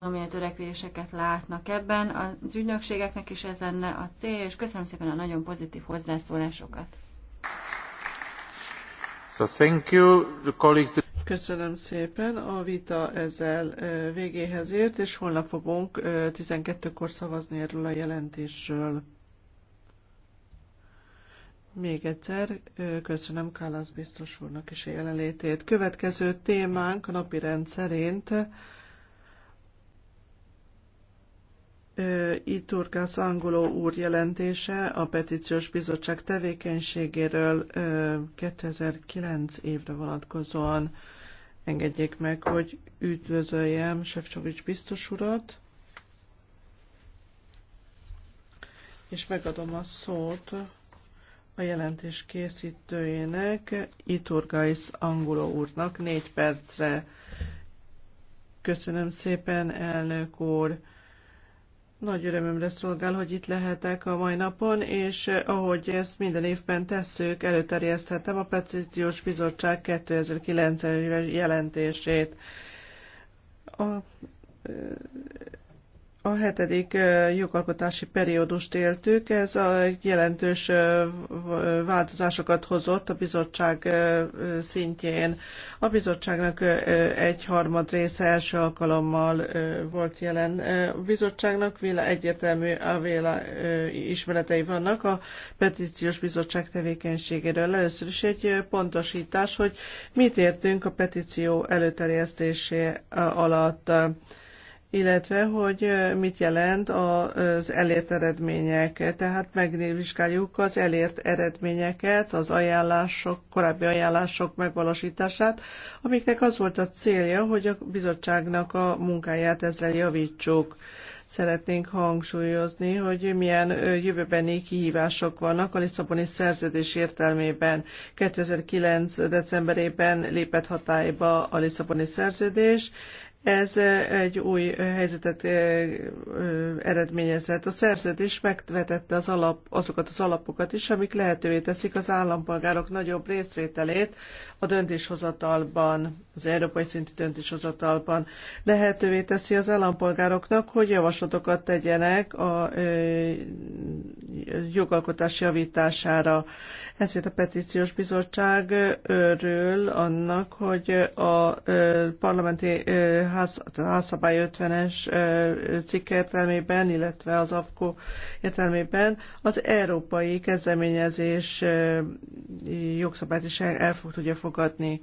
amilyen törekvéseket látnak ebben. Az ügynökségeknek is ez lenne a cél, és köszönöm szépen a nagyon pozitív hozzászólásokat. So thank you, the colleagues. Köszönöm szépen, a vita ezzel végéhez ért, és holnap fogunk 12-kor szavazni erről a jelentésről. Még egyszer köszönöm Kálasz biztos úrnak is a jelenlétét. Következő témánk a napi szerint. Iturkász Angoló úr jelentése a Petíciós Bizottság tevékenységéről 2009 évre vonatkozóan. Engedjék meg, hogy üdvözöljem Sefcsovics biztos urat, és megadom a szót a jelentés készítőjének, Iturgais Angoló úrnak négy percre. Köszönöm szépen, elnök úr! Nagy örömömre szolgál, hogy itt lehetek a mai napon, és eh, ahogy ezt minden évben tesszük, előterjeszthetem a Petíciós Bizottság 2009-es jelentését. A eh, a hetedik jogalkotási periódust éltük, ez a jelentős változásokat hozott a bizottság szintjén. A bizottságnak egy harmad része első alkalommal volt jelen. A bizottságnak egyértelmű véle ismeretei vannak a petíciós bizottság tevékenységéről. Először is egy pontosítás, hogy mit értünk a petíció előterjesztése alatt illetve hogy mit jelent az elért eredmények. Tehát megvizsgáljuk az elért eredményeket, az ajánlások, korábbi ajánlások megvalósítását, amiknek az volt a célja, hogy a bizottságnak a munkáját ezzel javítsuk. Szeretnénk hangsúlyozni, hogy milyen jövőbeni kihívások vannak a Lisszaboni szerződés értelmében. 2009. decemberében lépett hatályba a Lisszaboni szerződés, ez egy új helyzetet eredményezett. A szerződés megvetette az alap, azokat az alapokat is, amik lehetővé teszik az állampolgárok nagyobb részvételét a döntéshozatalban, az európai szintű döntéshozatalban. Lehetővé teszi az állampolgároknak, hogy javaslatokat tegyenek a jogalkotás javítására. Ezért a petíciós bizottság örül annak, hogy a parlamenti házszabály 50-es cikk értelmében, illetve az AFKO értelmében az európai kezdeményezés jogszabályt is el, el fog tudja fogadni elfogadni.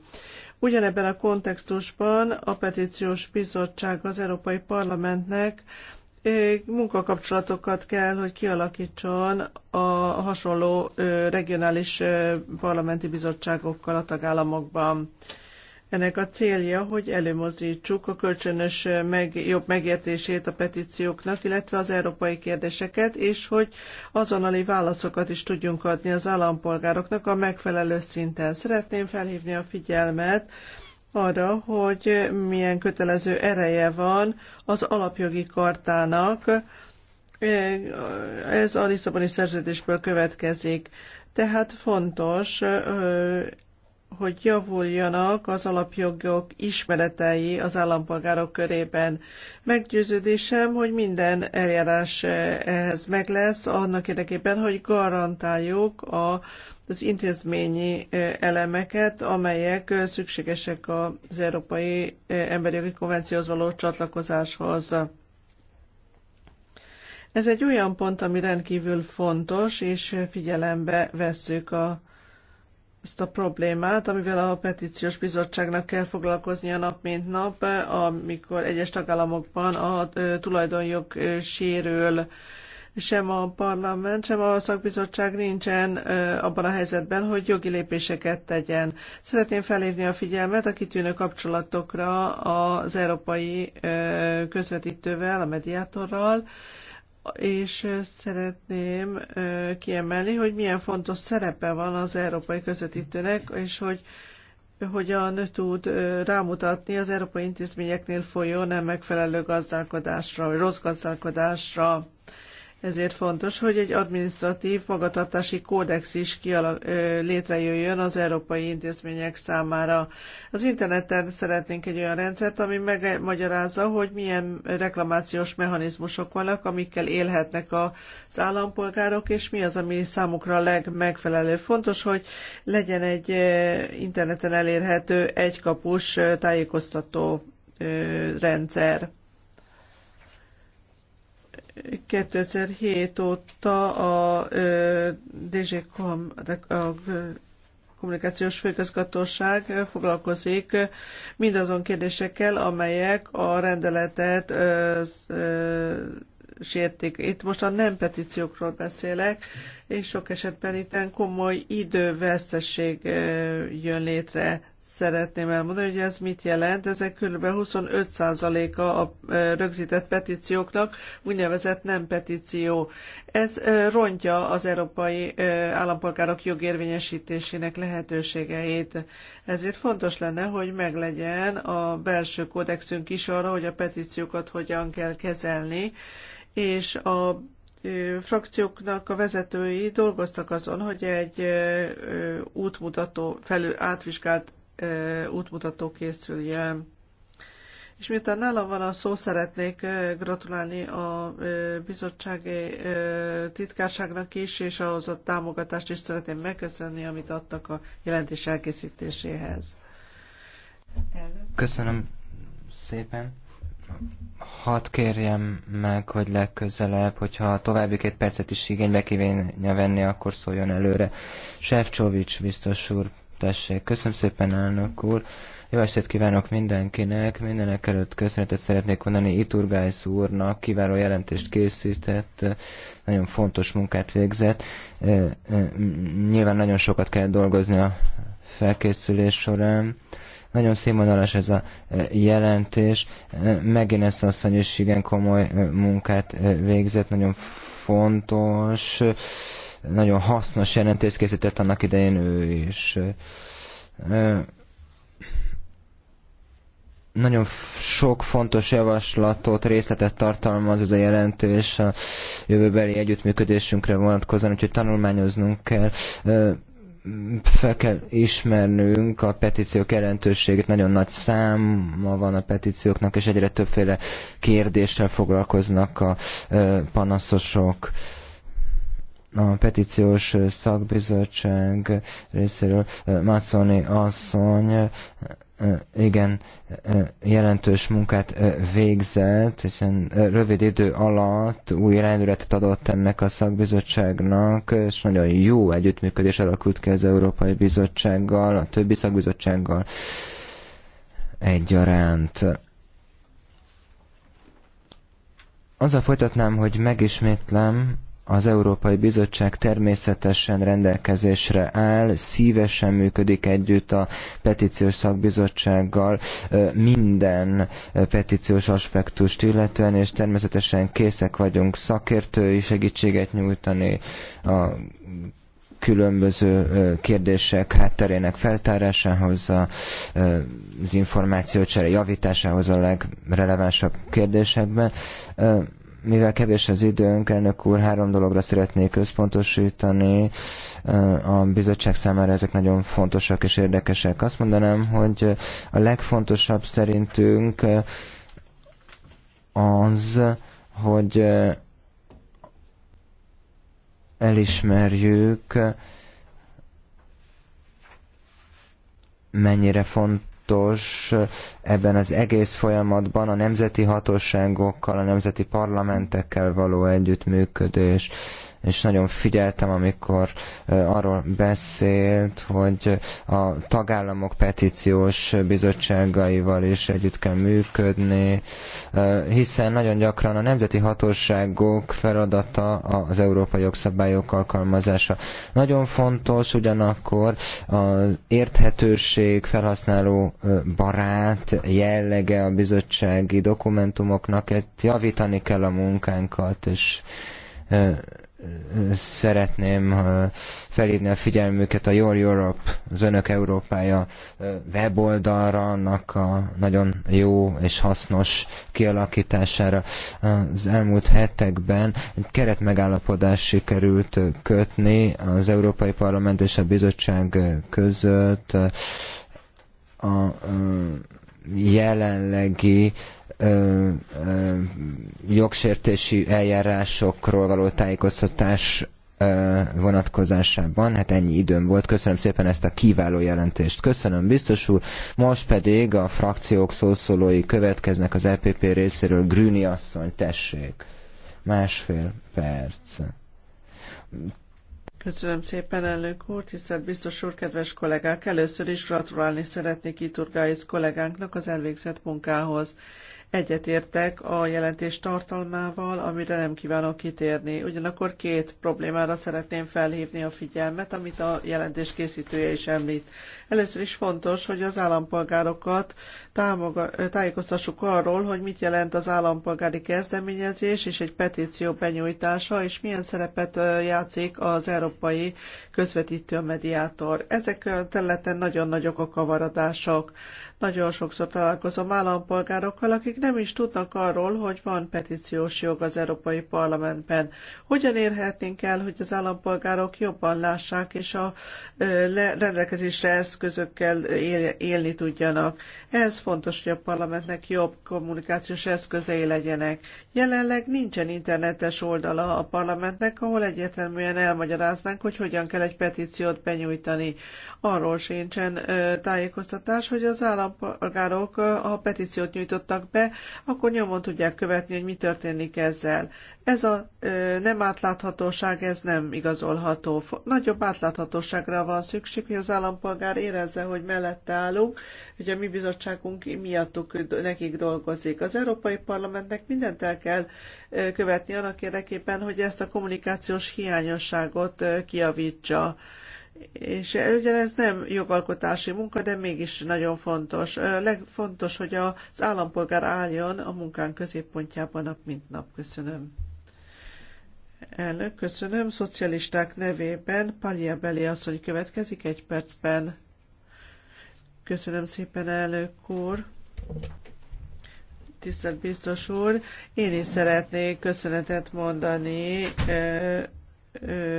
Ugyanebben a kontextusban a petíciós bizottság az Európai Parlamentnek munkakapcsolatokat kell, hogy kialakítson a hasonló regionális parlamenti bizottságokkal a tagállamokban. Ennek a célja, hogy előmozdítsuk a kölcsönös meg, jobb megértését a petícióknak, illetve az európai kérdéseket, és hogy azonnali válaszokat is tudjunk adni az állampolgároknak a megfelelő szinten. Szeretném felhívni a figyelmet arra, hogy milyen kötelező ereje van az alapjogi kartának, ez a Lisszaboni szerződésből következik. Tehát fontos hogy javuljanak az alapjogok ismeretei az állampolgárok körében. Meggyőződésem, hogy minden eljárás eh, ehhez meg lesz, annak érdekében, hogy garantáljuk a, az intézményi eh, elemeket, amelyek eh, szükségesek az Európai Emberi Jogi Konvencióhoz való csatlakozáshoz. Ez egy olyan pont, ami rendkívül fontos, és figyelembe vesszük a azt a problémát, amivel a petíciós bizottságnak kell foglalkoznia nap mint nap, amikor egyes tagállamokban a tulajdonjog sérül sem a parlament, sem a szakbizottság nincsen abban a helyzetben, hogy jogi lépéseket tegyen. Szeretném felhívni a figyelmet a kitűnő kapcsolatokra az európai közvetítővel, a mediátorral, és szeretném kiemelni, hogy milyen fontos szerepe van az európai közvetítőnek, és hogy hogyan tud rámutatni az európai intézményeknél folyó nem megfelelő gazdálkodásra, vagy rossz gazdálkodásra. Ezért fontos, hogy egy administratív magatartási kódex is kialak, létrejöjjön az európai intézmények számára. Az interneten szeretnénk egy olyan rendszert, ami megmagyarázza, hogy milyen reklamációs mechanizmusok vannak, amikkel élhetnek az állampolgárok, és mi az, ami számukra legmegfelelőbb. Fontos, hogy legyen egy interneten elérhető egykapus tájékoztató rendszer. 2007 óta a DGCOM, a kommunikációs főigazgatóság foglalkozik mindazon kérdésekkel, amelyek a rendeletet sértik. Itt most a nem petíciókról beszélek, és sok esetben itt komoly időveszteség jön létre szeretném elmondani, hogy ez mit jelent. Ezek kb. 25%-a a rögzített petícióknak, úgynevezett nem petíció. Ez rontja az európai állampolgárok jogérvényesítésének lehetőségeit. Ezért fontos lenne, hogy meglegyen a belső kódexünk is arra, hogy a petíciókat hogyan kell kezelni, és a frakcióknak a vezetői dolgoztak azon, hogy egy útmutató felül átvizsgált útmutató készüljön. És miután nálam van a szó, szeretnék gratulálni a bizottsági titkárságnak is, és ahhoz a támogatást is szeretném megköszönni, amit adtak a jelentés elkészítéséhez. Köszönöm szépen. Hadd kérjem meg, hogy legközelebb, hogyha további két percet is igénybe kívánja venni, akkor szóljon előre. Sefcsovics biztos úr Tessék, köszönöm szépen, elnök úr. Jó estét kívánok mindenkinek. Mindenek előtt köszönetet szeretnék mondani Iturgájsz úrnak. Kiváló jelentést készített, nagyon fontos munkát végzett. Nyilván nagyon sokat kell dolgozni a felkészülés során. Nagyon színvonalas ez a jelentés. Megint ez asszony is igen komoly munkát végzett, nagyon fontos nagyon hasznos jelentést készített annak idején ő és Nagyon sok fontos javaslatot, részletet tartalmaz ez a jelentés a jövőbeli együttműködésünkre vonatkozóan, úgyhogy tanulmányoznunk kell fel kell ismernünk a petíciók jelentőségét, nagyon nagy száma van a petícióknak, és egyre többféle kérdéssel foglalkoznak a panaszosok a petíciós szakbizottság részéről Maconi asszony igen, jelentős munkát végzett, hiszen rövid idő alatt új rendületet adott ennek a szakbizottságnak, és nagyon jó együttműködés alakult ki az Európai Bizottsággal, a többi szakbizottsággal egyaránt. Azzal folytatnám, hogy megismétlem, az Európai Bizottság természetesen rendelkezésre áll, szívesen működik együtt a petíciós szakbizottsággal minden petíciós aspektust illetően, és természetesen készek vagyunk szakértői segítséget nyújtani a különböző kérdések hátterének feltárásához, az információcsere javításához a legrelevánsabb kérdésekben. Mivel kevés az időnk, elnök úr, három dologra szeretnék központosítani. A bizottság számára ezek nagyon fontosak és érdekesek. Azt mondanám, hogy a legfontosabb szerintünk az, hogy elismerjük, mennyire fontos fontos ebben az egész folyamatban a nemzeti hatóságokkal, a nemzeti parlamentekkel való együttműködés és nagyon figyeltem, amikor arról beszélt, hogy a tagállamok petíciós bizottságaival is együtt kell működni, hiszen nagyon gyakran a nemzeti hatóságok feladata az európai jogszabályok alkalmazása. Nagyon fontos ugyanakkor az érthetőség felhasználó barát jellege a bizottsági dokumentumoknak, ezt javítani kell a munkánkat, és szeretném felhívni a figyelmüket a Your Europe, az Önök Európája weboldalra, annak a nagyon jó és hasznos kialakítására. Az elmúlt hetekben egy keretmegállapodás sikerült kötni az Európai Parlament és a Bizottság között a jelenlegi jogsértési eljárásokról való tájékoztatás vonatkozásában. Hát ennyi időm volt. Köszönöm szépen ezt a kiváló jelentést. Köszönöm, biztos úr. Most pedig a frakciók szószólói következnek az EPP részéről. Grüni asszony, tessék. Másfél perc. Köszönöm szépen, elnök úr, tisztelt biztos úr, kedves kollégák! Először is gratulálni szeretnék Iturgáis kollégánknak az elvégzett munkához. Egyetértek a jelentés tartalmával, amire nem kívánok kitérni. Ugyanakkor két problémára szeretném felhívni a figyelmet, amit a jelentés készítője is említ. Először is fontos, hogy az állampolgárokat tájékoztassuk arról, hogy mit jelent az állampolgári kezdeményezés és egy petíció benyújtása, és milyen szerepet játszik az európai közvetítő mediátor. Ezek a területen nagyon nagyok a kavaradások. Nagyon sokszor találkozom állampolgárokkal, akik nem is tudnak arról, hogy van petíciós jog az Európai Parlamentben. Hogyan érhetnénk el, hogy az állampolgárok jobban lássák, és a rendelkezésre eszközökkel élni tudjanak? Ehhez fontos, hogy a parlamentnek jobb kommunikációs eszközei legyenek. Jelenleg nincsen internetes oldala a parlamentnek, ahol egyértelműen elmagyaráznánk, hogy hogyan kell egy petíciót benyújtani. Arról sincsen tájékoztatás, hogy az állampolgárok állampolgárok eh, a petíciót nyújtottak be, akkor nyomon tudják követni, hogy mi történik ezzel. Ez a eh, nem átláthatóság, ez nem igazolható. Nagyobb átláthatóságra van szükség, hogy az állampolgár érezze, hogy mellette állunk, hogy a mi bizottságunk miattuk nekik dolgozik. Az Európai Parlamentnek mindent el kell eh, követni annak érdekében, hogy ezt a kommunikációs hiányosságot kiavítsa és eh, ugyanez nem jogalkotási munka, de mégis nagyon fontos. Eh, legfontos, hogy az állampolgár álljon a munkán középpontjában nap mint nap. Köszönöm. Elnök, köszönöm. Szocialisták nevében Palia Beli asszony következik egy percben. Köszönöm szépen, elnök úr. Tisztelt biztos úr, én is szeretnék köszönetet mondani eh,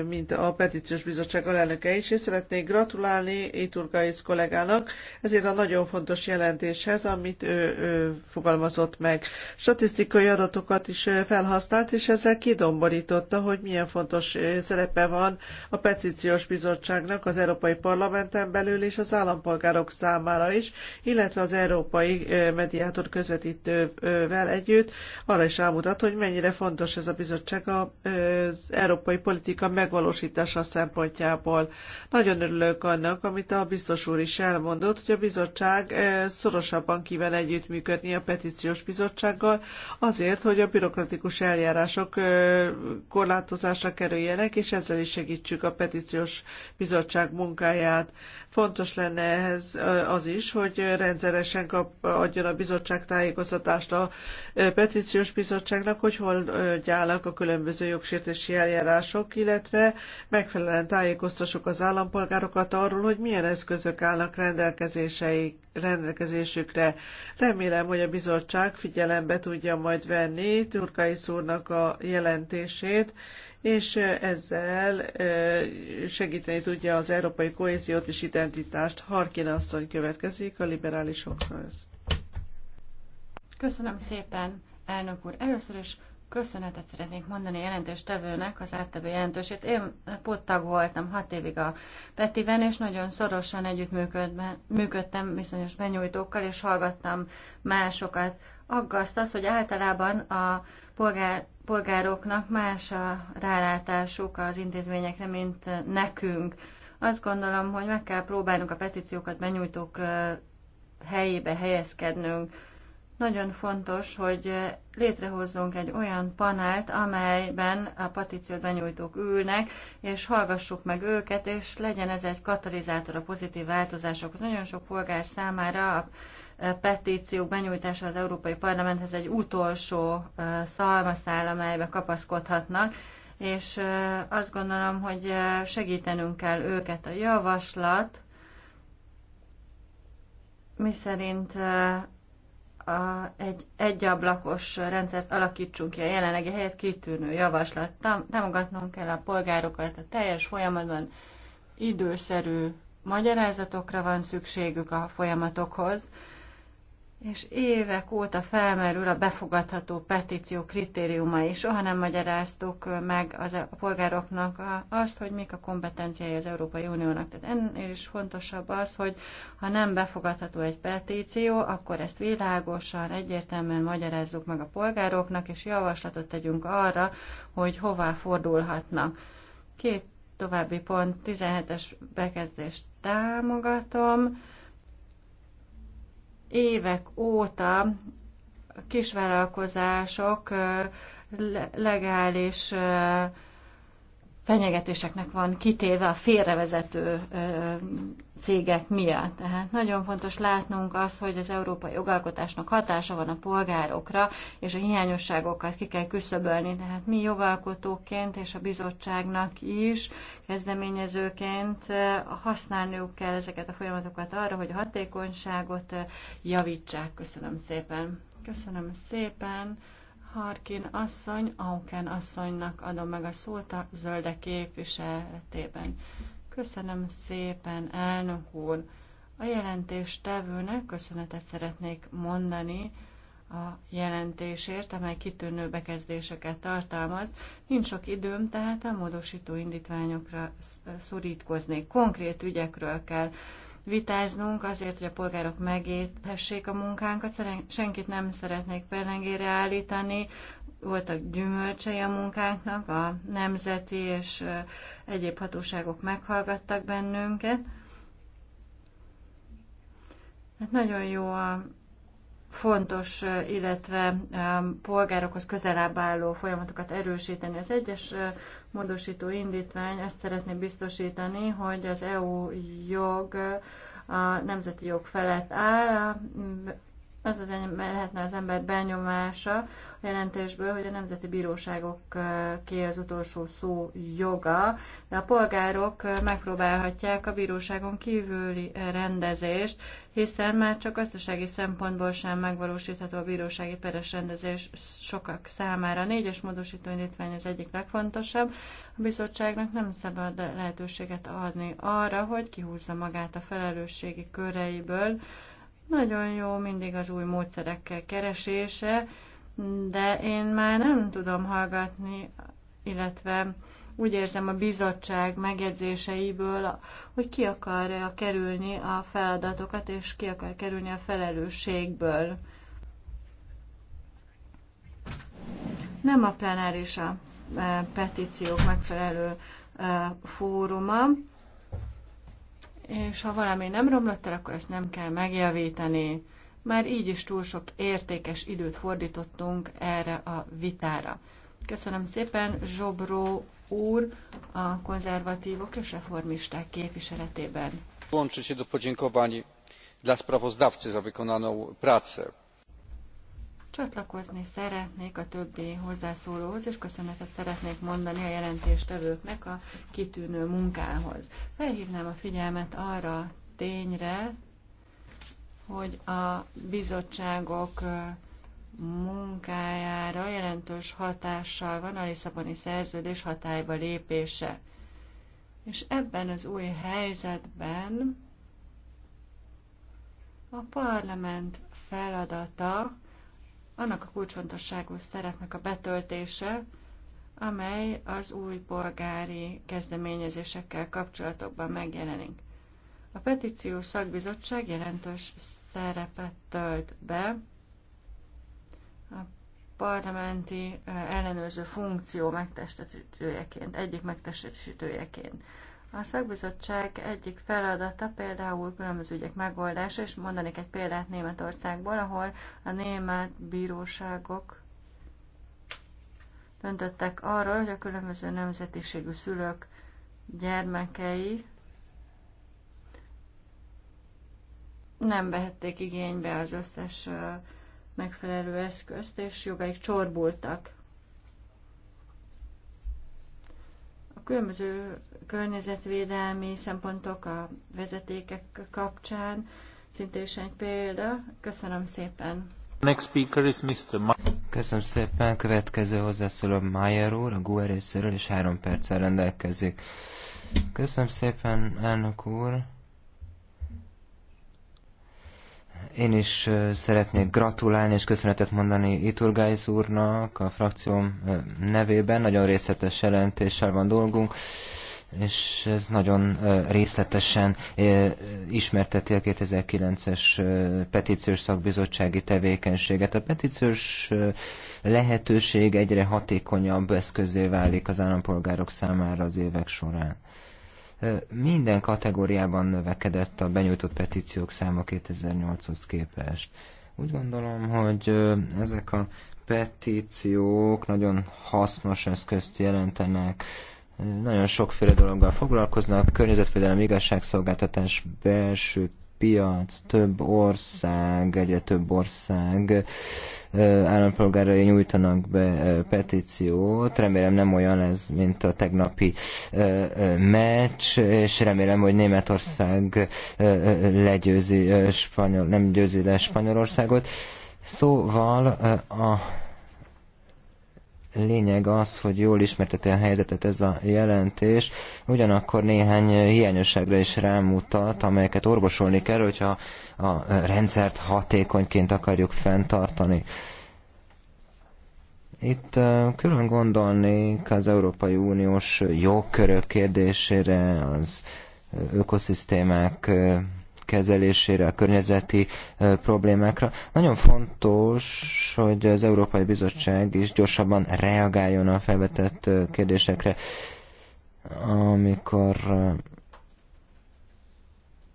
mint a Petíciós Bizottság alelnöke is, és szeretnék gratulálni Iturgaiz kollégának ezért a nagyon fontos jelentéshez, amit ő, ő fogalmazott meg. Statisztikai adatokat is felhasznált, és ezzel kidomborította, hogy milyen fontos szerepe van a Petíciós Bizottságnak az Európai Parlamenten belül és az állampolgárok számára is, illetve az Európai Mediátor közvetítővel együtt arra is rámutat, hogy mennyire fontos ez a bizottság az európai politikai politika megvalósítása szempontjából. Nagyon örülök annak, amit a biztos úr is elmondott, hogy a bizottság eh, szorosabban kíván együttműködni a petíciós bizottsággal azért, hogy a bürokratikus eljárások eh, korlátozásra kerüljenek, és ezzel is segítsük a petíciós bizottság munkáját. Fontos lenne ehhez eh, az is, hogy rendszeresen kap, adjon a bizottság tájékoztatást a petíciós bizottságnak, hogy hol gyállnak a különböző jogsértési eljárások, illetve megfelelően tájékoztassuk az állampolgárokat arról, hogy milyen eszközök állnak rendelkezésükre. Remélem, hogy a bizottság figyelembe tudja majd venni Turkai szúrnak a jelentését, és ezzel segíteni tudja az európai kohéziót és identitást. Harkin asszony következik a liberálisokhoz. Köszönöm szépen, elnök úr. Először is köszönetet szeretnék mondani a tevőnek, az áttevő jelentősét. Én pottag voltam hat évig a Petiben, és nagyon szorosan együttműködtem bizonyos benyújtókkal, és hallgattam másokat. Aggaszt az, hogy általában a polgár, polgároknak más a rálátásuk az intézményekre, mint nekünk. Azt gondolom, hogy meg kell próbálnunk a petíciókat benyújtók helyébe helyezkednünk nagyon fontos, hogy létrehozzunk egy olyan panelt, amelyben a petíciót benyújtók ülnek, és hallgassuk meg őket, és legyen ez egy katalizátor a pozitív változásokhoz. Nagyon sok polgár számára a e, petíciók benyújtása az Európai Parlamenthez egy utolsó e, szalmaszál, amelybe kapaszkodhatnak, és e, azt gondolom, hogy segítenünk kell őket a javaslat, miszerint a, egy egyablakos rendszert alakítsunk ki a jelenlegi helyet kitűnő javaslat. Tam, támogatnunk kell a polgárokat a teljes folyamatban, időszerű magyarázatokra van szükségük a folyamatokhoz, és évek óta felmerül a befogadható petíció kritériuma, és soha nem magyaráztuk meg az e- a polgároknak azt, hogy mik a kompetenciái az Európai Uniónak. Tehát ennél is fontosabb az, hogy ha nem befogadható egy petíció, akkor ezt világosan, egyértelműen magyarázzuk meg a polgároknak, és javaslatot tegyünk arra, hogy hová fordulhatnak. Két további pont, 17-es bekezdést támogatom, évek óta a kisvállalkozások legális fenyegetéseknek van kitéve a félrevezető cégek miatt. Tehát nagyon fontos látnunk azt, hogy az európai jogalkotásnak hatása van a polgárokra, és a hiányosságokat ki kell küszöbölni. Tehát mi jogalkotóként és a bizottságnak is kezdeményezőként eh, használniuk kell ezeket a folyamatokat arra, hogy a hatékonyságot eh, javítsák. Köszönöm szépen. Köszönöm szépen. Harkin asszony, Auken asszonynak adom meg a szót a zöldek képviseletében. Köszönöm szépen, elnök úr. A tevőnek köszönetet szeretnék mondani a jelentésért, amely kitűnő bekezdéseket tartalmaz. Nincs sok időm, tehát a módosító indítványokra szorítkoznék. Konkrét ügyekről kell vitáznunk azért, hogy a polgárok megérthessék a munkánkat. Senkit nem szeretnék pellengére állítani, voltak gyümölcsei a munkánknak, a nemzeti és egyéb hatóságok meghallgattak bennünket. Hát nagyon jó a fontos, illetve polgárokhoz közelebb álló folyamatokat erősíteni. Az egyes módosító indítvány Ezt szeretné biztosítani, hogy az EU jog a nemzeti jog felett áll, a az az ember, lehetne az ember benyomása a jelentésből, hogy a nemzeti bíróságok ki az utolsó szó joga, de a polgárok megpróbálhatják a bíróságon kívüli rendezést, hiszen már csak gazdasági szempontból sem megvalósítható a bírósági peres rendezés sokak számára. A négyes módosító indítvány az egyik legfontosabb. A bizottságnak nem szabad lehetőséget adni arra, hogy kihúzza magát a felelősségi köreiből, nagyon jó mindig az új módszerekkel keresése, de én már nem tudom hallgatni, illetve úgy érzem a bizottság megjegyzéseiből, hogy ki akarja kerülni a feladatokat, és ki akar kerülni a felelősségből. Nem a plenáris a e, petíciók megfelelő e, fóruma, és ha valami nem romlott el, akkor ezt nem kell megjavítani. Már így is túl sok értékes időt fordítottunk erre a vitára. Köszönöm szépen, Zsobró úr, a konzervatívok és reformisták képviseletében. Łączy się do podziękowań dla sprawozdawcy za wykonaną pracę. Csatlakozni szeretnék a többi hozzászólóhoz, és köszönetet szeretnék mondani a jelentéstevőknek a kitűnő munkához. Felhívnám a figyelmet arra tényre, hogy a bizottságok munkájára jelentős hatással van a Lisszaboni szerződés hatályba lépése. És ebben az új helyzetben a parlament feladata annak a kulcsfontosságú szerepnek a betöltése, amely az új polgári kezdeményezésekkel kapcsolatokban megjelenik. A petíció szakbizottság jelentős szerepet tölt be a parlamenti eh, ellenőrző funkció megtestesítőjeként, egyik megtestesítőjeként. A szakbizottság egyik feladata például különböző ügyek megoldása, és mondanék egy példát Németországból, ahol a német bíróságok döntöttek arról, hogy a különböző nemzetiségű szülők gyermekei nem vehették igénybe az összes megfelelő eszközt, és jogaik csorbultak. különböző környezetvédelmi szempontok a vezetékek kapcsán. Szintén is egy példa. Köszönöm szépen. Next speaker is Mr. Ma- Köszönöm szépen. Következő hozzászóló Mayer úr, a GUE részéről, és három perccel rendelkezik. Köszönöm szépen, elnök úr. Én is szeretnék gratulálni és köszönetet mondani Iturgáiz úrnak a frakcióm nevében. Nagyon részletes jelentéssel van dolgunk, és ez nagyon részletesen ismerteti a 2009-es petíciós szakbizottsági tevékenységet. A petíciós lehetőség egyre hatékonyabb eszközé válik az állampolgárok számára az évek során. Minden kategóriában növekedett a benyújtott petíciók száma 2008-hoz képest. Úgy gondolom, hogy ezek a petíciók nagyon hasznos eszközt jelentenek nagyon sokféle dologgal foglalkoznak, környezetvédelem, igazságszolgáltatás, belső piac, több ország, egyre több ország állampolgárai nyújtanak be petíciót. Remélem nem olyan ez, mint a tegnapi meccs, és remélem, hogy Németország legyőzi Spanyol, nem győzi le Spanyolországot. Szóval a lényeg az, hogy jól ismerteti a helyzetet ez a jelentés, ugyanakkor néhány hiányosságra is rámutat, amelyeket orvosolni kell, hogyha a rendszert hatékonyként akarjuk fenntartani. Itt külön gondolnék az Európai Uniós jogkörök kérdésére, az ökoszisztémák kezelésére, a környezeti problémákra. Nagyon fontos, hogy az Európai Bizottság is gyorsabban reagáljon a felvetett kérdésekre, amikor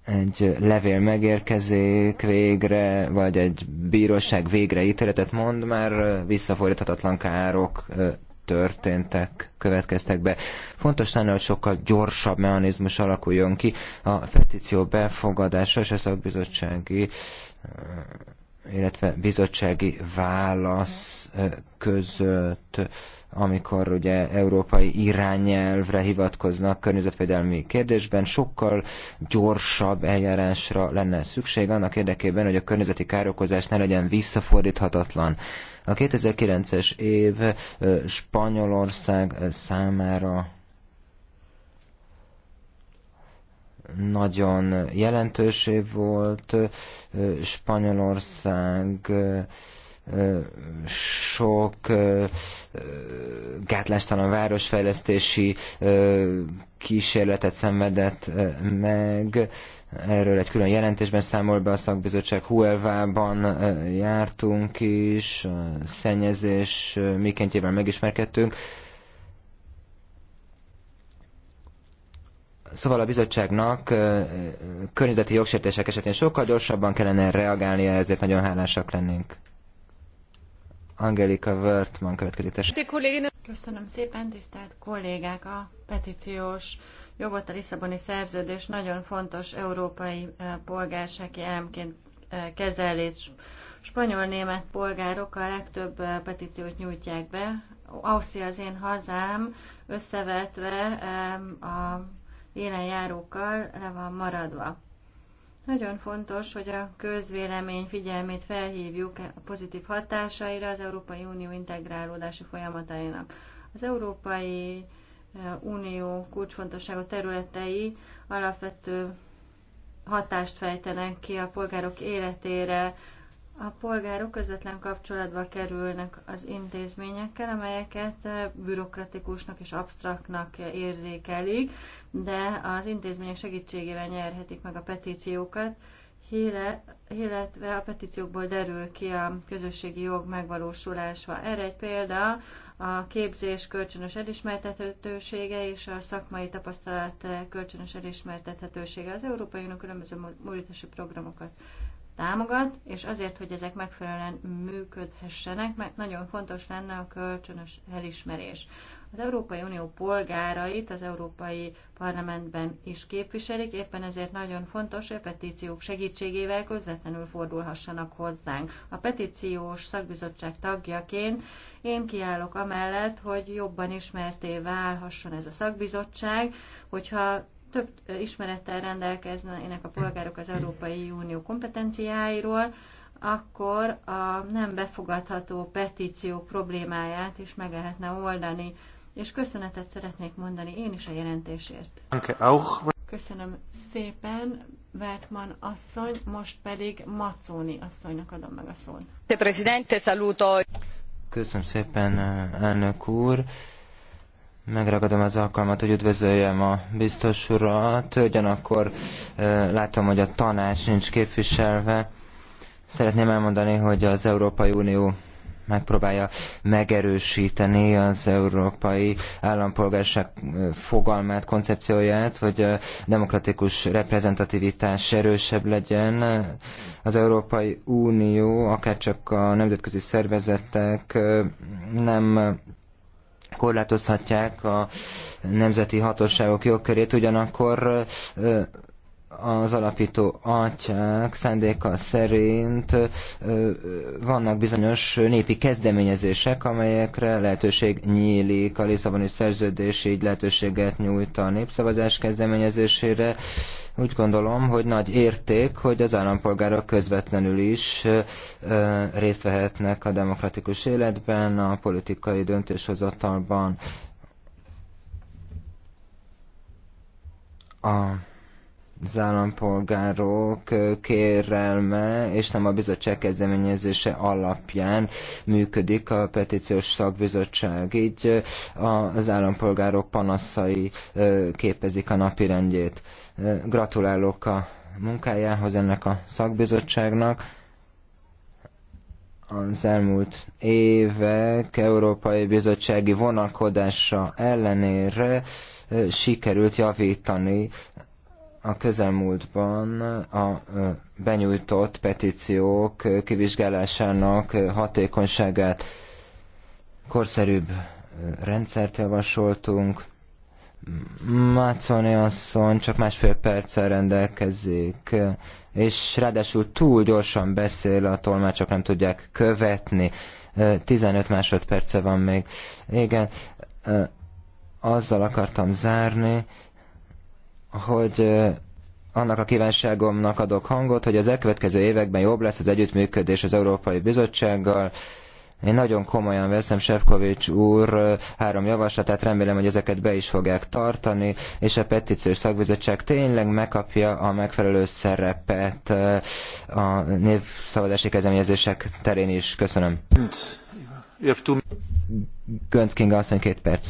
egy levél megérkezik végre, vagy egy bíróság végre ítéletet mond, már visszafordíthatatlan károk történtek, következtek be. Fontos lenne, hogy sokkal gyorsabb mechanizmus alakuljon ki a petíció befogadása és a szakbizottsági eh, illetve bizottsági válasz eh, között, amikor ugye európai irányelvre hivatkoznak környezetvédelmi kérdésben, sokkal gyorsabb eljárásra lenne szükség annak érdekében, hogy a környezeti károkozás ne legyen visszafordíthatatlan. A 2009-es év Spanyolország számára nagyon jelentős év volt. Spanyolország sok gátlástalan városfejlesztési kísérletet szenvedett meg. Erről egy külön jelentésben számol be a szakbizottság. Huelvában jártunk is, szennyezés mikéntjében megismerkedtünk. Szóval a bizottságnak környezeti jogsértések esetén sokkal gyorsabban kellene reagálnia, ezért nagyon hálásak lennénk. Angelika Wörtman következik. Köszönöm szépen, tisztelt kollégák! A petíciós jogot a Lisszaboni szerződés nagyon fontos európai eh, polgársági elemként eh, kezelés. Spanyol-német polgárok a legtöbb eh, petíciót nyújtják be. Ausztria az én hazám, összevetve a élen járókkal le van maradva. Nagyon fontos, hogy a közvélemény figyelmét felhívjuk a pozitív hatásaira az Európai Unió integrálódási folyamatainak. Az Európai eh, Unió kulcsfontosságú területei alapvető hatást fejtenek ki a polgárok életére, a polgárok közvetlen kapcsolatba kerülnek az intézményekkel, amelyeket eh, bürokratikusnak és absztraktnak eh, érzékelik, de az intézmények segítségével nyerhetik meg a petíciókat, illetve a petíciókból derül ki a közösségi jog megvalósulása. Erre egy példa a képzés kölcsönös elismertethetősége és a szakmai tapasztalat eh, kölcsönös elismertethetősége. Az Európai Unió különböző mobilitási programokat támogat, és azért, hogy ezek megfelelően működhessenek, mert nagyon fontos lenne a kölcsönös elismerés. Az Európai Unió polgárait az Európai Parlamentben is képviselik, éppen ezért nagyon fontos, hogy a petíciók segítségével közvetlenül fordulhassanak hozzánk. A petíciós szakbizottság tagjaként én kiállok amellett, hogy jobban ismerté válhasson ez a szakbizottság, hogyha több ismerettel rendelkeznének a polgárok az Európai Unió kompetenciáiról, akkor a nem befogadható petíciók problémáját is meg lehetne oldani. És köszönetet szeretnék mondani én is a jelentésért. Köszönöm szépen, Vertman asszony, most pedig Macóni asszonynak adom meg a szót. Köszönöm szépen, elnök úr megragadom az alkalmat, hogy üdvözöljem a biztos urat, ugyanakkor látom, hogy a tanács nincs képviselve. Szeretném elmondani, hogy az Európai Unió megpróbálja megerősíteni az európai állampolgárság fogalmát, koncepcióját, hogy a demokratikus reprezentativitás erősebb legyen. Az Európai Unió, akárcsak a nemzetközi szervezetek nem korlátozhatják a nemzeti hatóságok jogkörét, ugyanakkor az alapító atyák szándéka szerint vannak bizonyos népi kezdeményezések, amelyekre lehetőség nyílik. A Lisszaboni szerződés így lehetőséget nyújt a népszavazás kezdeményezésére. Úgy gondolom, hogy nagy érték, hogy az állampolgárok közvetlenül is részt vehetnek a demokratikus életben, a politikai döntéshozatalban. A az állampolgárok kérelme és nem a bizottság kezdeményezése alapján működik a petíciós szakbizottság. Így az állampolgárok panaszai képezik a napirendjét. Gratulálok a munkájához ennek a szakbizottságnak az elmúlt évek Európai Bizottsági vonakodása ellenére sikerült javítani a közelmúltban a benyújtott petíciók kivizsgálásának hatékonyságát korszerűbb rendszert javasoltunk. Máconi asszony csak másfél perccel rendelkezik, és ráadásul túl gyorsan beszél, a tolmácsok nem tudják követni. 15 másodperce van még. Igen, azzal akartam zárni, hogy annak a kívánságomnak adok hangot, hogy az elkövetkező években jobb lesz az együttműködés az Európai Bizottsággal. Én nagyon komolyan veszem Sefkovics úr három javaslatát, remélem, hogy ezeket be is fogják tartani, és a petíciós szakbizottság tényleg megkapja a megfelelő szerepet a népszavazási kezdeményezések terén is. Köszönöm. Gönc Kinga, asszony, két perc.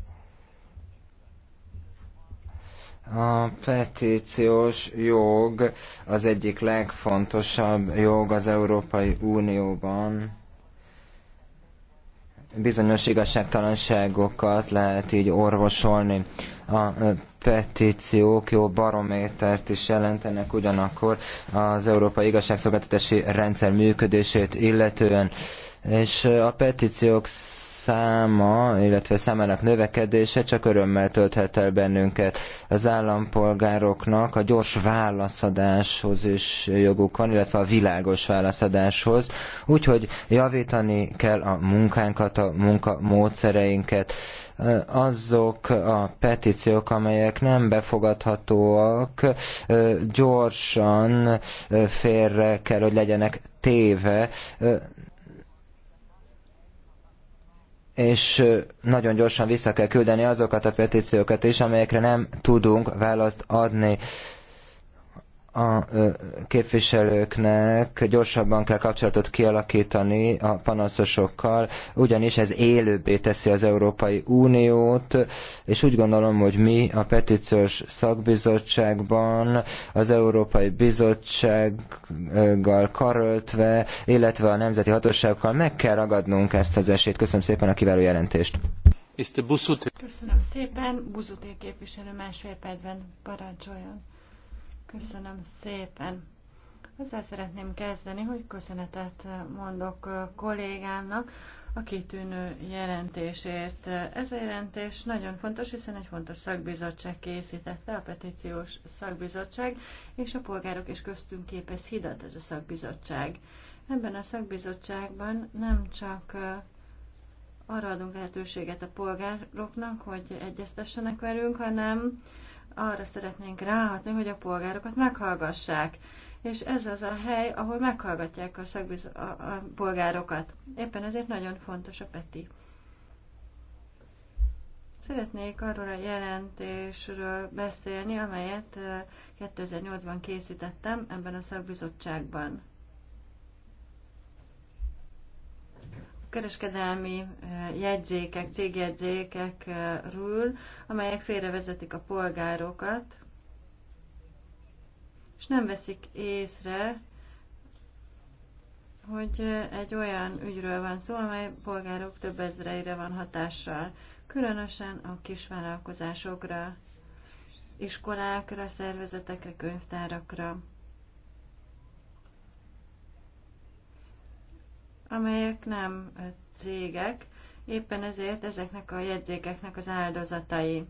A petíciós jog az egyik legfontosabb jog az Európai Unióban. Bizonyos igazságtalanságokat lehet így orvosolni. A petíciók jó barométert is jelentenek ugyanakkor az Európai Igazságszolgáltatási Rendszer működését illetően és a petíciók száma, illetve számának növekedése csak örömmel tölthet el bennünket. Az állampolgároknak a gyors válaszadáshoz is joguk van, illetve a világos válaszadáshoz, úgyhogy javítani kell a munkánkat, a munkamódszereinket. Azok a petíciók, amelyek nem befogadhatóak, gyorsan félre kell, hogy legyenek téve, és nagyon gyorsan vissza kell küldeni azokat a petíciókat is, amelyekre nem tudunk választ adni a képviselőknek gyorsabban kell kapcsolatot kialakítani a panaszosokkal, ugyanis ez élőbbé teszi az Európai Uniót, és úgy gondolom, hogy mi a petíciós szakbizottságban az Európai Bizottsággal karöltve, illetve a nemzeti hatóságokkal meg kell ragadnunk ezt az esélyt. Köszönöm szépen a kiváló jelentést. Köszönöm szépen, Buzuté képviselő másfél percben parancsoljon. Köszönöm szépen. Azzal szeretném kezdeni, hogy köszönetet mondok kollégámnak a kitűnő jelentésért. Ez a jelentés nagyon fontos, hiszen egy fontos szakbizottság készítette, a petíciós szakbizottság, és a polgárok és köztünk képez hidat ez a szakbizottság. Ebben a szakbizottságban nem csak arra adunk lehetőséget a polgároknak, hogy egyeztessenek velünk, hanem arra szeretnénk ráhatni, hogy a polgárokat meghallgassák. És ez az a hely, ahol meghallgatják a, szakbiz- a, a polgárokat. Éppen ezért nagyon fontos a PETI. Szeretnék arról a jelentésről beszélni, amelyet eh, 2008-ban készítettem ebben a szakbizottságban. kereskedelmi eh, jegyzékek, cégjegyzékekről, amelyek félrevezetik a polgárokat, és nem veszik észre, hogy eh, egy olyan ügyről van szó, amely polgárok több ezreire van hatással, különösen a kisvállalkozásokra, iskolákra, szervezetekre, könyvtárakra. amelyek nem cégek, éppen ezért ezeknek a jegyzékeknek az áldozatai.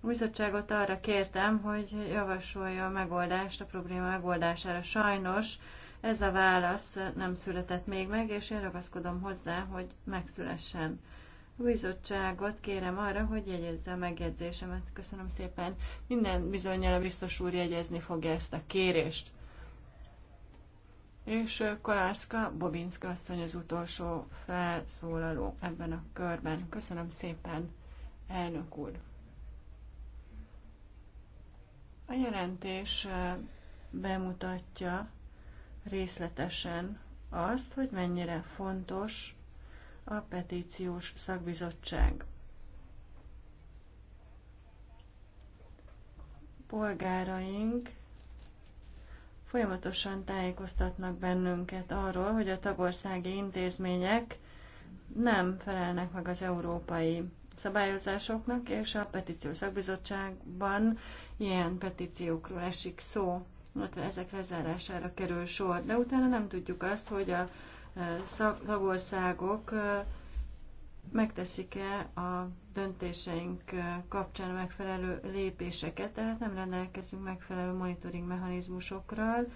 A bizottságot arra kértem, hogy javasolja a megoldást, a probléma megoldására. Sajnos ez a válasz nem született még meg, és én ragaszkodom hozzá, hogy megszülessen. A bizottságot kérem arra, hogy jegyezze a megjegyzésemet. Köszönöm szépen. Minden bizonyal a biztos úr jegyezni fogja ezt a kérést. És Kolászka Bobinska asszony az utolsó felszólaló ebben a körben. Köszönöm szépen, elnök úr! A jelentés bemutatja részletesen azt, hogy mennyire fontos a petíciós szakbizottság. Polgáraink folyamatosan tájékoztatnak bennünket arról, hogy a tagországi intézmények nem felelnek meg az európai szabályozásoknak, és a petíció szakbizottságban ilyen petíciókról esik szó, illetve ezek lezárására kerül sor. De utána nem tudjuk azt, hogy a eh, tagországok eh, megteszik-e a döntéseink kapcsán megfelelő lépéseket, tehát nem rendelkezünk megfelelő monitoring mechanizmusokról,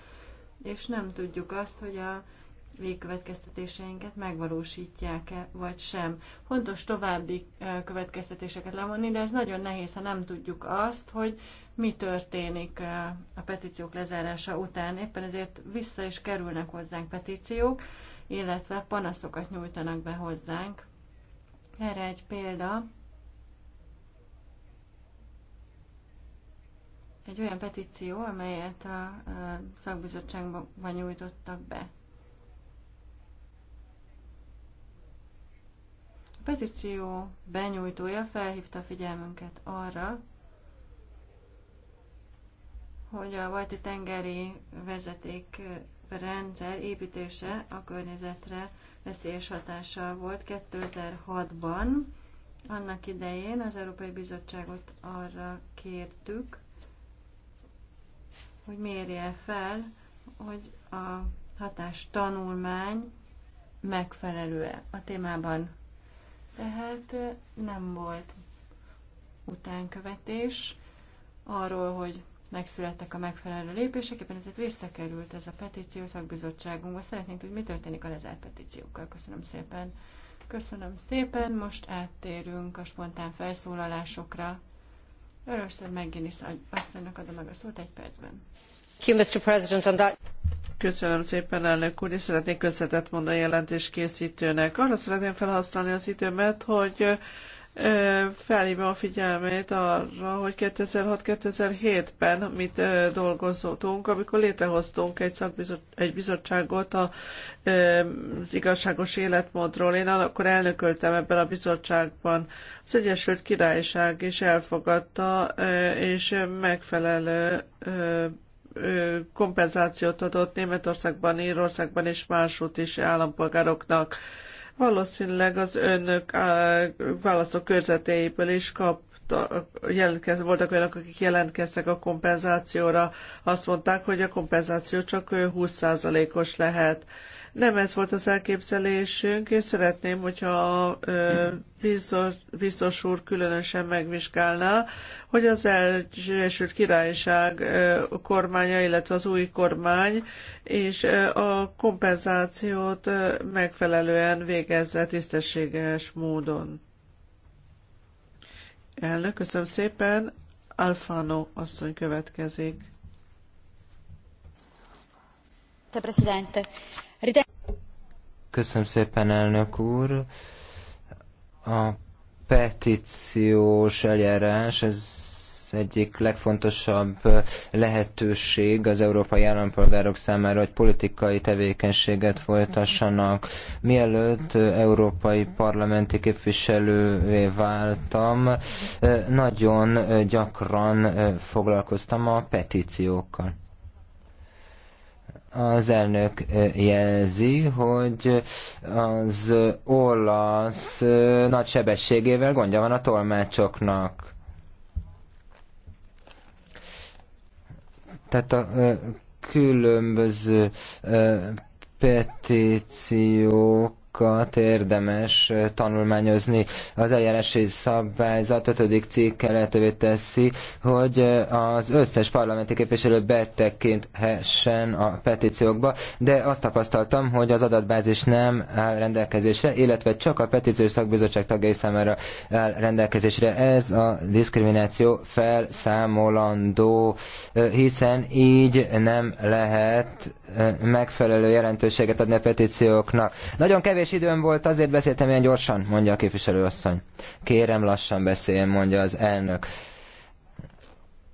és nem tudjuk azt, hogy a végkövetkeztetéseinket megvalósítják-e, vagy sem. Fontos további következtetéseket levonni, de ez nagyon nehéz, ha nem tudjuk azt, hogy mi történik a petíciók lezárása után. Éppen ezért vissza is kerülnek hozzánk petíciók, illetve panaszokat nyújtanak be hozzánk erre egy példa. Egy olyan petíció, amelyet a szakbizottságban nyújtottak be. A petíció benyújtója felhívta figyelmünket arra, hogy a vajti tengeri vezeték rendszer építése a környezetre veszélyes hatással volt 2006-ban. Annak idején az Európai Bizottságot arra kértük, hogy mérje fel, hogy a hatás tanulmány megfelelő-e a témában. Tehát eh, nem volt utánkövetés arról, hogy megszülettek a megfelelő lépések, éppen ezért visszakerült ez a petíció szakbizottságunkba. Szeretnénk tudni, mi történik a lezárt petíciókkal. Köszönöm szépen. Köszönöm szépen. Most áttérünk a spontán felszólalásokra. Először megint asszonynak adom meg a szót egy percben. Köszönöm szépen, elnök úr, és szeretnék köszönetet mondani a jelentéskészítőnek. Arra szeretném felhasználni az időmet, hogy felhívom a figyelmét arra, hogy 2006-2007-ben mit dolgozottunk, amikor létrehoztunk egy, szakbizot, egy bizottságot a, az igazságos életmódról. Én akkor elnököltem ebben a bizottságban. Az Egyesült Királyság is elfogadta, és megfelelő kompenzációt adott Németországban, Írországban és másút is állampolgároknak Valószínűleg az önök választó körzetéből is kap jelentkeztek, voltak olyanok, akik jelentkeztek a kompenzációra, azt mondták, hogy a kompenzáció csak 20%-os lehet. Nem ez volt az elképzelésünk, és szeretném, hogyha a biztos, biztos úr különösen megvizsgálná, hogy az Egyesült Királyság kormánya, illetve az új kormány és a kompenzációt megfelelően végezze tisztességes módon. Elnök, köszönöm szépen. Alfano asszony következik. Köszönöm szépen, elnök úr. A petíciós eljárás, ez egyik legfontosabb lehetőség az európai állampolgárok számára, hogy politikai tevékenységet folytassanak. Mielőtt európai parlamenti képviselővé váltam, nagyon gyakran foglalkoztam a petíciókkal. Az elnök jelzi, hogy az olasz nagy sebességével gondja van a tolmácsoknak. Tehát a különböző petíciók javaslatokat érdemes tanulmányozni. Az eljárási szabályzat 5. cikke lehetővé teszi, hogy az összes parlamenti képviselő betekinthessen a petíciókba, de azt tapasztaltam, hogy az adatbázis nem áll rendelkezésre, illetve csak a petíciós szakbizottság tagjai számára áll rendelkezésre. Ez a diszkrimináció felszámolandó, hiszen így nem lehet megfelelő jelentőséget adni a petícióknak. Nagyon kevés időm volt, azért beszéltem ilyen gyorsan, mondja a képviselőasszony. Kérem lassan beszéljen, mondja az elnök.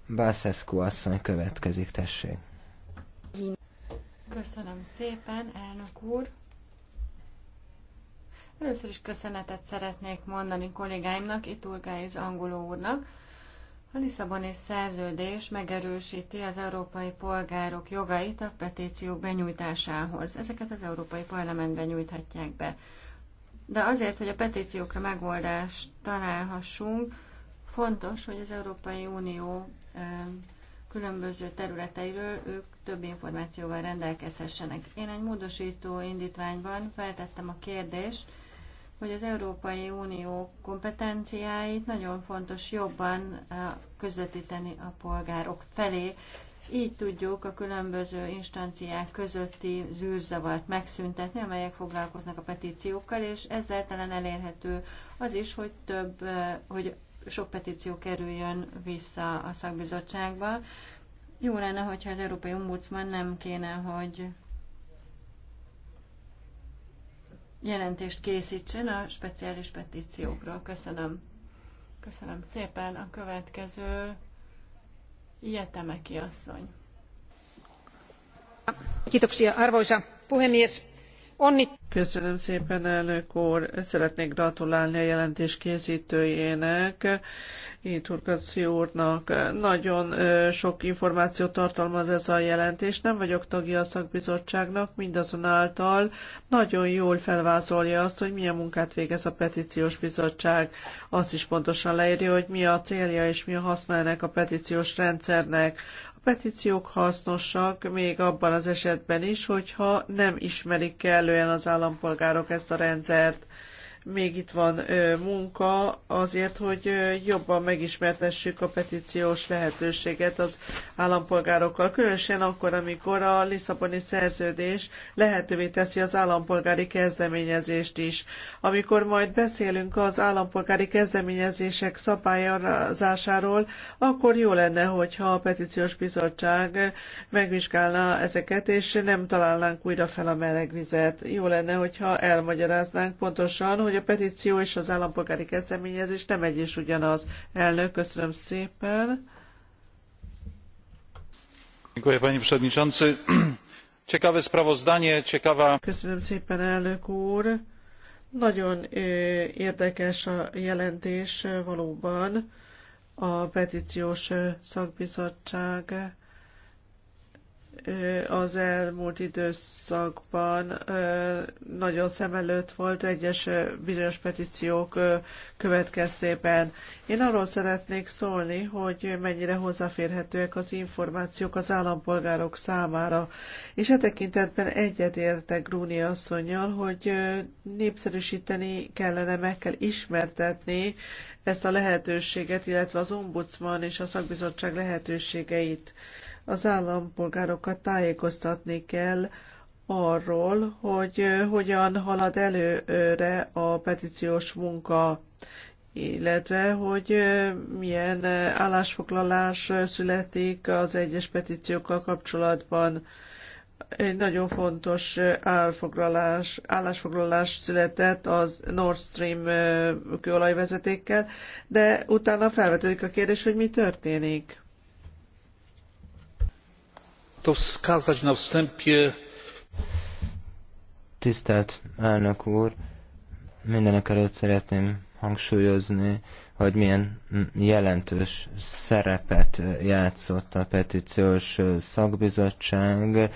Bászeszkó asszony következik, tessék. Köszönöm szépen, elnök úr. Először is köszönetet szeretnék mondani kollégáimnak, Iturgáiz Angoló úrnak, a Lisszaboni szerződés megerősíti az európai polgárok jogait a petíciók benyújtásához. Ezeket az Európai Parlamentben nyújthatják be. De azért, hogy a petíciókra megoldást találhassunk, fontos, hogy az Európai Unió különböző területeiről ők több információval rendelkezhessenek. Én egy módosító indítványban feltettem a kérdést, hogy az Európai Unió kompetenciáit nagyon fontos jobban eh, közvetíteni a polgárok felé. Így tudjuk a különböző instanciák közötti zűrzavart megszüntetni, amelyek foglalkoznak a petíciókkal, és ezzel talán elérhető az is, hogy több, eh, hogy sok petíció kerüljön vissza a szakbizottságba. Jó lenne, hogyha az Európai Ombudsman nem kéne, hogy jelentést készítsen a speciális petíciókról. Köszönöm. Köszönöm szépen. A következő ijetemeki asszony. Kiitoksia, arvoisa puhemies Köszönöm szépen, elnök úr. Szeretnék gratulálni a jelentés készítőjének, Turkaci úrnak. Nagyon sok információt tartalmaz ez a jelentés. Nem vagyok tagja a szakbizottságnak, mindazonáltal nagyon jól felvázolja azt, hogy milyen munkát végez a petíciós bizottság. Azt is pontosan leírja, hogy mi a célja és mi a haszna ennek a petíciós rendszernek petíciók hasznosak még abban az esetben is, hogyha nem ismerik kellően az állampolgárok ezt a rendszert még itt van munka azért, hogy jobban megismertessük a petíciós lehetőséget az állampolgárokkal, különösen akkor, amikor a Lisszaboni szerződés lehetővé teszi az állampolgári kezdeményezést is. Amikor majd beszélünk az állampolgári kezdeményezések szabályozásáról, akkor jó lenne, hogyha a petíciós bizottság megvizsgálná ezeket, és nem találnánk újra fel a melegvizet. Jó lenne, hogyha elmagyaráznánk pontosan, hogy hogy a petíció és az állampolgári kezdeményezés nem egy és ugyanaz. Elnök, köszönöm szépen. Köszönöm szépen, elnök úr. Nagyon e, érdekes a jelentés e, valóban a petíciós e, szakbizottság az elmúlt időszakban nagyon szem előtt volt egyes bizonyos petíciók következtében. Én arról szeretnék szólni, hogy mennyire hozzáférhetőek az információk az állampolgárok számára, és e tekintetben egyetértek Grúni asszonyjal, hogy népszerűsíteni kellene, meg kell ismertetni ezt a lehetőséget, illetve az ombudsman és a szakbizottság lehetőségeit az állampolgárokat tájékoztatni kell arról, hogy hogyan halad előre a petíciós munka, illetve hogy milyen állásfoglalás születik az egyes petíciókkal kapcsolatban. Egy nagyon fontos állfoglalás, állásfoglalás született az Nord Stream kőolajvezetékkel, de utána felvetődik a kérdés, hogy mi történik to wskazać na wstępie. Tisztelt elnök úr, mindenek előtt szeretném hangsúlyozni, hogy milyen jelentős szerepet játszott a petíciós szakbizottság.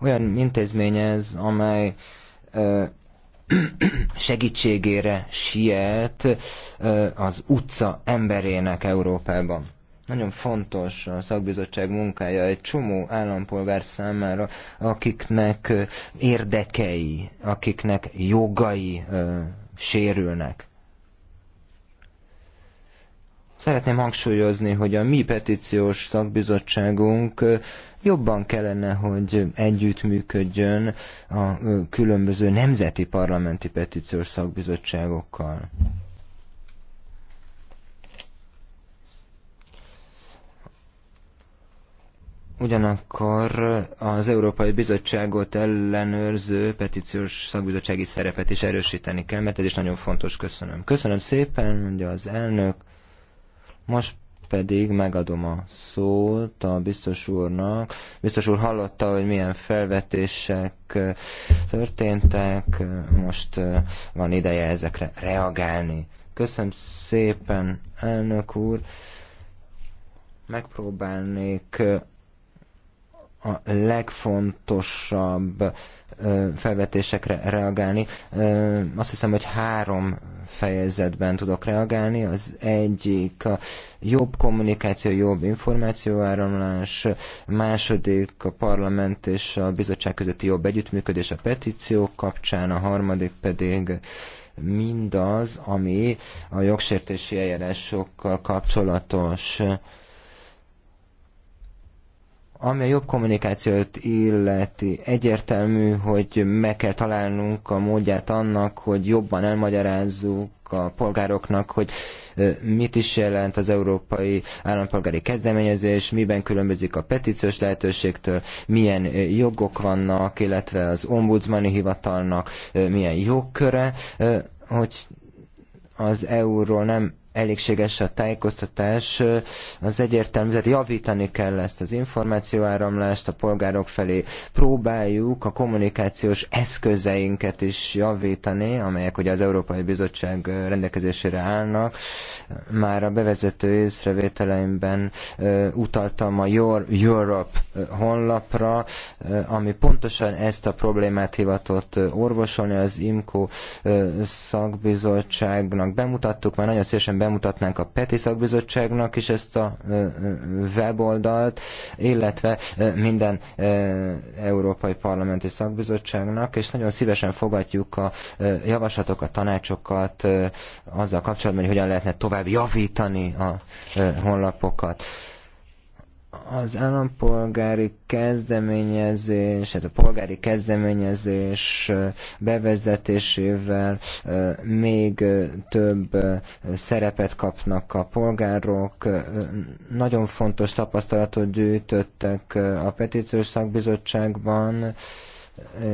Olyan intézmény ez, amely segítségére siet az utca emberének Európában. Nagyon fontos a szakbizottság munkája egy csomó állampolgár számára, akiknek érdekei, akiknek jogai ö, sérülnek. Szeretném hangsúlyozni, hogy a mi petíciós szakbizottságunk jobban kellene, hogy együttműködjön a különböző nemzeti parlamenti petíciós szakbizottságokkal. Ugyanakkor az Európai Bizottságot ellenőrző petíciós szakbizottsági szerepet is erősíteni kell, mert ez is nagyon fontos. Köszönöm. Köszönöm szépen, mondja az elnök. Most pedig megadom a szót a biztos úrnak. Biztos úr hallotta, hogy milyen felvetések történtek, most van ideje ezekre reagálni. Köszönöm szépen, elnök úr. Megpróbálnék a legfontosabb felvetésekre reagálni. Azt hiszem, hogy három fejezetben tudok reagálni. Az egyik a jobb kommunikáció, jobb információáramlás, második a parlament és a bizottság közötti jobb együttműködés a petíciók kapcsán, a harmadik pedig mindaz, ami a jogsértési eljárásokkal kapcsolatos ami a jobb kommunikációt illeti, egyértelmű, hogy meg kell találnunk a módját annak, hogy jobban elmagyarázzuk a polgároknak, hogy mit is jelent az európai állampolgári kezdeményezés, miben különbözik a petíciós lehetőségtől, milyen jogok vannak, illetve az ombudsmani hivatalnak milyen jogköre, hogy az EU-ról nem elégséges a tájékoztatás, az egyértelmű, tehát javítani kell ezt az információáramlást a polgárok felé. Próbáljuk a kommunikációs eszközeinket is javítani, amelyek ugye az Európai Bizottság rendelkezésére állnak. Már a bevezető észrevételeimben utaltam a Your Europe honlapra, ami pontosan ezt a problémát hivatott orvosolni. Az IMCO szakbizottságnak bemutattuk, már nagyon szélesen bemutatnánk a PETI szakbizottságnak is ezt a weboldalt, illetve minden európai parlamenti szakbizottságnak, és nagyon szívesen fogadjuk a javaslatokat, tanácsokat azzal kapcsolatban, hogy hogyan lehetne tovább javítani a honlapokat az állampolgári kezdeményezés, tehát a polgári kezdeményezés bevezetésével még több szerepet kapnak a polgárok. Nagyon fontos tapasztalatot gyűjtöttek a petíciós szakbizottságban,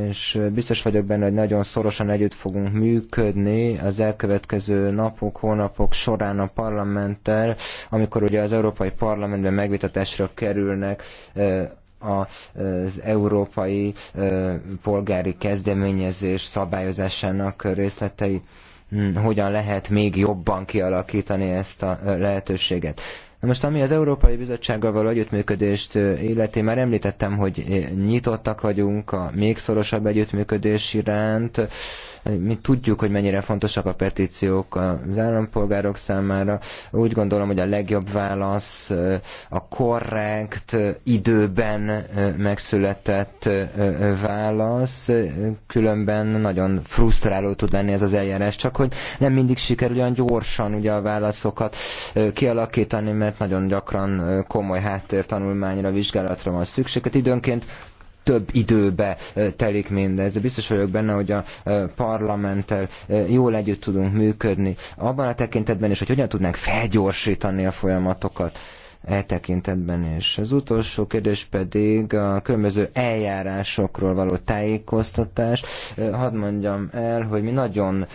és biztos vagyok benne, hogy nagyon szorosan együtt fogunk működni az elkövetkező napok, hónapok során a parlamenttel, amikor ugye az Európai Parlamentben megvitatásra kerülnek az európai polgári kezdeményezés szabályozásának részletei hm, hogyan lehet még jobban kialakítani ezt a lehetőséget. Na most, ami az Európai Bizottsággal való együttműködést illeti, már említettem, hogy nyitottak vagyunk a még szorosabb együttműködés iránt, mi tudjuk, hogy mennyire fontosak a petíciók az állampolgárok számára. Úgy gondolom, hogy a legjobb válasz eh, a korrekt, eh, időben eh, megszületett válasz, különben nagyon frusztráló tud lenni ez az eljárás, csak hogy nem mindig sikerül olyan gyorsan ugye a válaszokat kialakítani, mert nagyon gyakran komoly háttértanulmányra, vizsgálatra van szükség. Hát időnként több időbe telik mindez. De biztos vagyok benne, hogy a parlamenttel jól együtt tudunk működni. Abban a tekintetben is, hogy hogyan tudnánk felgyorsítani a folyamatokat e tekintetben is. Az utolsó kérdés pedig a különböző eljárásokról való tájékoztatás. Hadd mondjam el, hogy mi nagyon,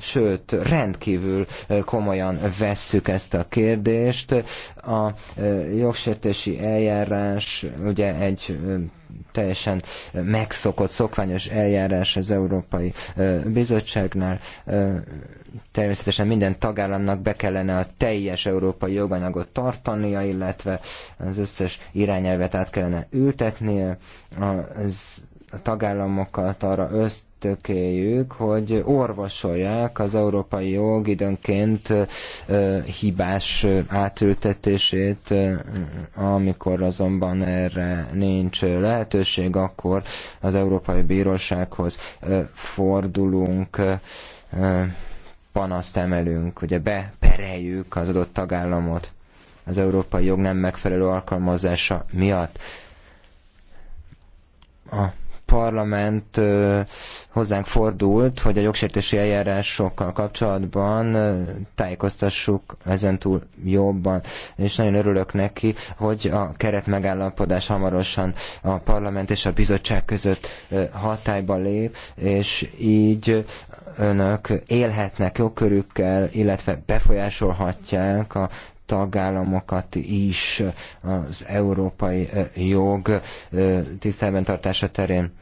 sőt, rendkívül komolyan vesszük ezt a kérdést. A jogsértési eljárás ugye egy teljesen megszokott, szokványos eljárás az Európai Bizottságnál. Természetesen minden tagállamnak be kellene a teljes európai joganyagot tartania, illetve az összes irányelvet át kellene ültetnie. Az a tagállamokat arra öszt, tökéljük, hogy orvosolják az európai jog időnként hibás átültetését, amikor azonban erre nincs lehetőség, akkor az Európai Bírósághoz fordulunk, panaszt emelünk, ugye bepereljük az adott tagállamot az európai jog nem megfelelő alkalmazása miatt. A parlament hozzánk fordult, hogy a jogsértési eljárásokkal kapcsolatban tájékoztassuk ezentúl jobban, és nagyon örülök neki, hogy a keret megállapodás hamarosan a parlament és a bizottság között hatályba lép, és így önök élhetnek jogkörükkel, illetve befolyásolhatják a tagállamokat is az európai jog tisztelben tartása terén.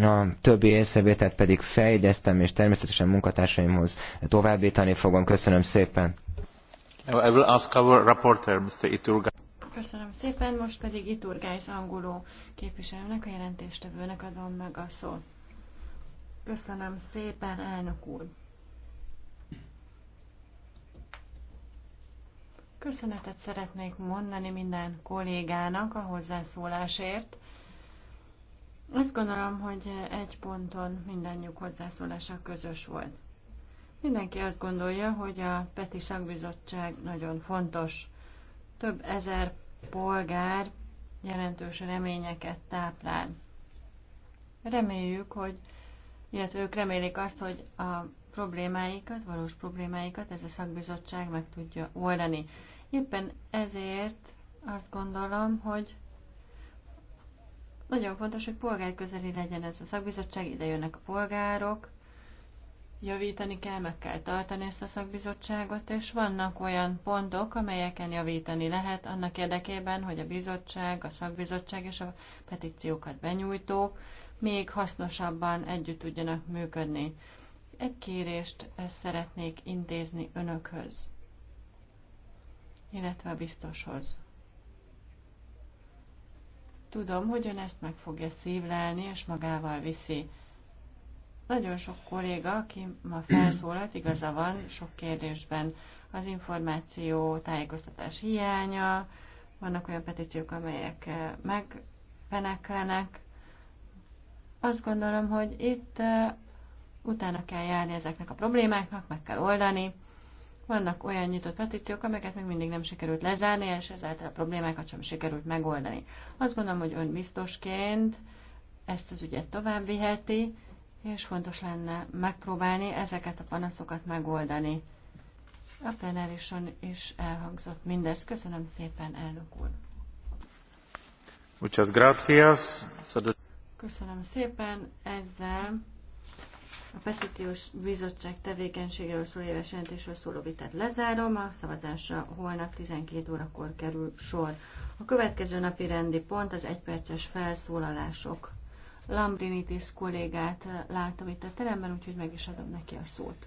A többi észrevételt pedig fejlesztem, és természetesen munkatársaimhoz továbbítani fogom. Köszönöm szépen. I will ask our reporter, Mr. Iturga. Köszönöm szépen, most pedig Iturgáis angoló képviselőnek, a jelentéstevőnek adom meg a szót. Köszönöm szépen, elnök úr. Köszönetet szeretnék mondani minden kollégának a hozzászólásért. Azt gondolom, hogy egy ponton mindannyiuk hozzászólása közös volt. Mindenki azt gondolja, hogy a Peti Szakbizottság nagyon fontos. Több ezer polgár jelentős reményeket táplál. Reméljük, hogy, illetve ők remélik azt, hogy a problémáikat, valós problémáikat ez a szakbizottság meg tudja oldani. Éppen ezért azt gondolom, hogy nagyon fontos, hogy polgárközeli legyen ez a szakbizottság, ide jönnek a polgárok, javítani kell, meg kell tartani ezt a szakbizottságot, és vannak olyan pontok, amelyeken javítani lehet annak érdekében, hogy a bizottság, a szakbizottság és a petíciókat benyújtók még hasznosabban együtt tudjanak működni. Egy kérést szeretnék intézni önökhöz illetve a biztoshoz. Tudom, hogy ön ezt meg fogja szívlelni, és magával viszi. Nagyon sok kolléga, aki ma felszólalt, igaza van sok kérdésben. Az információ, tájékoztatás hiánya, vannak olyan petíciók, amelyek eh, megpeneklenek. Azt gondolom, hogy itt eh, utána kell járni ezeknek a problémáknak, meg kell oldani. Vannak olyan nyitott petíciók, amelyeket még mindig nem sikerült lezárni, és ezáltal a problémákat sem sikerült megoldani. Azt gondolom, hogy ön biztosként ezt az ügyet tovább viheti, és fontos lenne megpróbálni ezeket a panaszokat megoldani. A plenárison is elhangzott mindez. Köszönöm szépen, elnök úr! Muchas gracias. Köszönöm szépen, ezzel a petíciós bizottság tevékenységéről szóló éves jelentésről szóló vitát lezárom, a szavazásra holnap 12 órakor kerül sor. A következő napi rendi pont az egyperces felszólalások. Lambrinitis kollégát látom itt a teremben, úgyhogy meg is adom neki a szót.